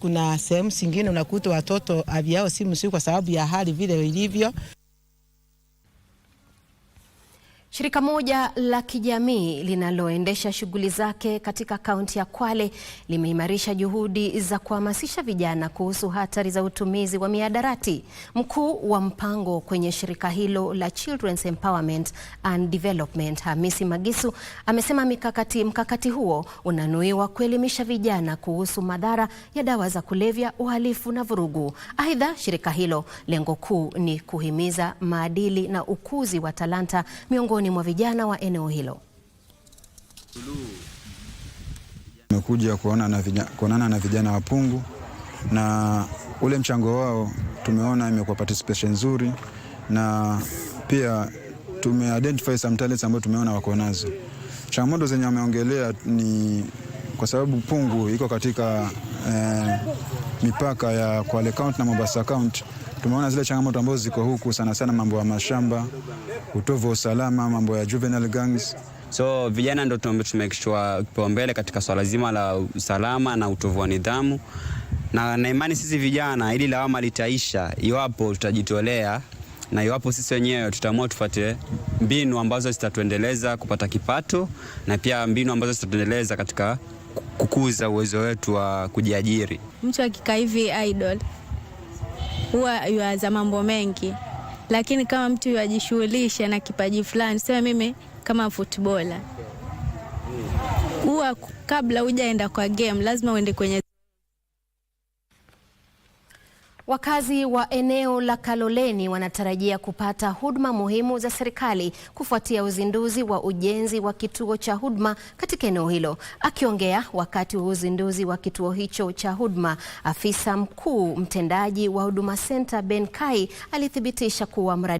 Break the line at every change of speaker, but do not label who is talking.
Kuna sehemu zingine unakuta watoto aviao simu si kwa sababu ya hali vile ilivyo.
Shirika moja la kijamii linaloendesha shughuli zake katika kaunti ya Kwale limeimarisha juhudi za kuhamasisha vijana kuhusu hatari za utumizi wa mihadarati. Mkuu wa mpango kwenye shirika hilo la Children's Empowerment and Development, Hamisi Magisu, amesema mikakati mkakati huo unanuiwa kuelimisha vijana kuhusu madhara ya dawa za kulevya, uhalifu na vurugu. Aidha, shirika hilo lengo kuu ni kuhimiza maadili na ukuzi wa talanta miongoni miongoni mwa vijana wa eneo hilo.
Tumekuja kuonana na vijana wa Pungu na ule mchango wao tumeona imekuwa participation nzuri, na pia tume identify some talents ambayo tumeona wako nazo. Changamoto zenye wameongelea ni kwa sababu Pungu iko katika eh, mipaka ya Kwale County na Mombasa County tumeona zile changamoto ambazo ziko huku, sana sana mambo ya mashamba, utovu wa usalama, mambo ya juvenile gangs.
So vijana ndio tumekishwa kipaumbele katika swala zima la usalama na utovu wa nidhamu, na naimani sisi vijana, ili lawama litaisha iwapo tutajitolea na iwapo sisi wenyewe tutaamua tufuate mbinu ambazo zitatuendeleza kupata kipato na pia mbinu ambazo zitatuendeleza katika kukuza uwezo wetu wa kujiajiri.
Mtu akikaa hivi idol huwa yuaza mambo mengi, lakini kama mtu yuajishughulisha na kipaji fulani, sema mimi kama futbola, huwa kabla hujaenda kwa game lazima uende kwenye
Wakazi wa eneo la Kaloleni wanatarajia kupata huduma muhimu za serikali kufuatia uzinduzi wa ujenzi wa kituo cha huduma katika eneo hilo. Akiongea wakati wa uzinduzi wa kituo hicho cha huduma, afisa mkuu mtendaji wa Huduma Center Ben Kai alithibitisha kuwa mradi